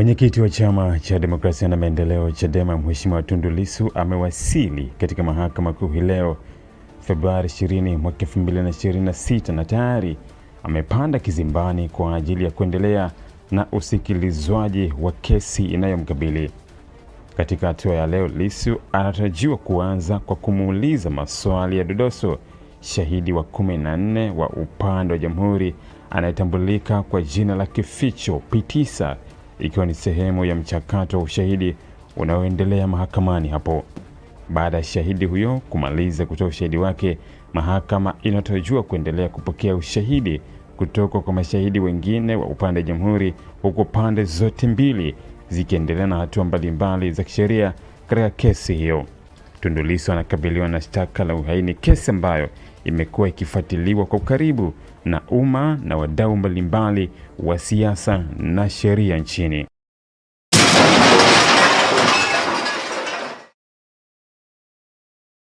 Mwenyekiti wa chama cha demokrasia na maendeleo Chadema, Mheshimiwa Tundu Lissu amewasili katika mahakama kuu hii leo Februari 20 mwaka 2026 na tayari amepanda kizimbani kwa ajili ya kuendelea na usikilizwaji wa kesi inayomkabili. Katika hatua ya leo, Lissu anatarajiwa kuanza kwa kumuuliza maswali ya dodoso shahidi wa 14 wa upande wa jamhuri anayetambulika kwa jina la kificho P9 ikiwa ni sehemu ya mchakato wa ushahidi unaoendelea mahakamani hapo. Baada ya shahidi huyo kumaliza kutoa ushahidi wake, mahakama inatarajiwa kuendelea kupokea ushahidi kutoka kwa mashahidi wengine wa upande wa jamhuri, huku pande zote mbili zikiendelea na hatua mbalimbali za kisheria katika kesi hiyo. Tundu Lissu anakabiliwa na shtaka la uhaini, kesi ambayo imekuwa ikifuatiliwa kwa ukaribu na umma na wadau mbalimbali wa siasa na sheria nchini.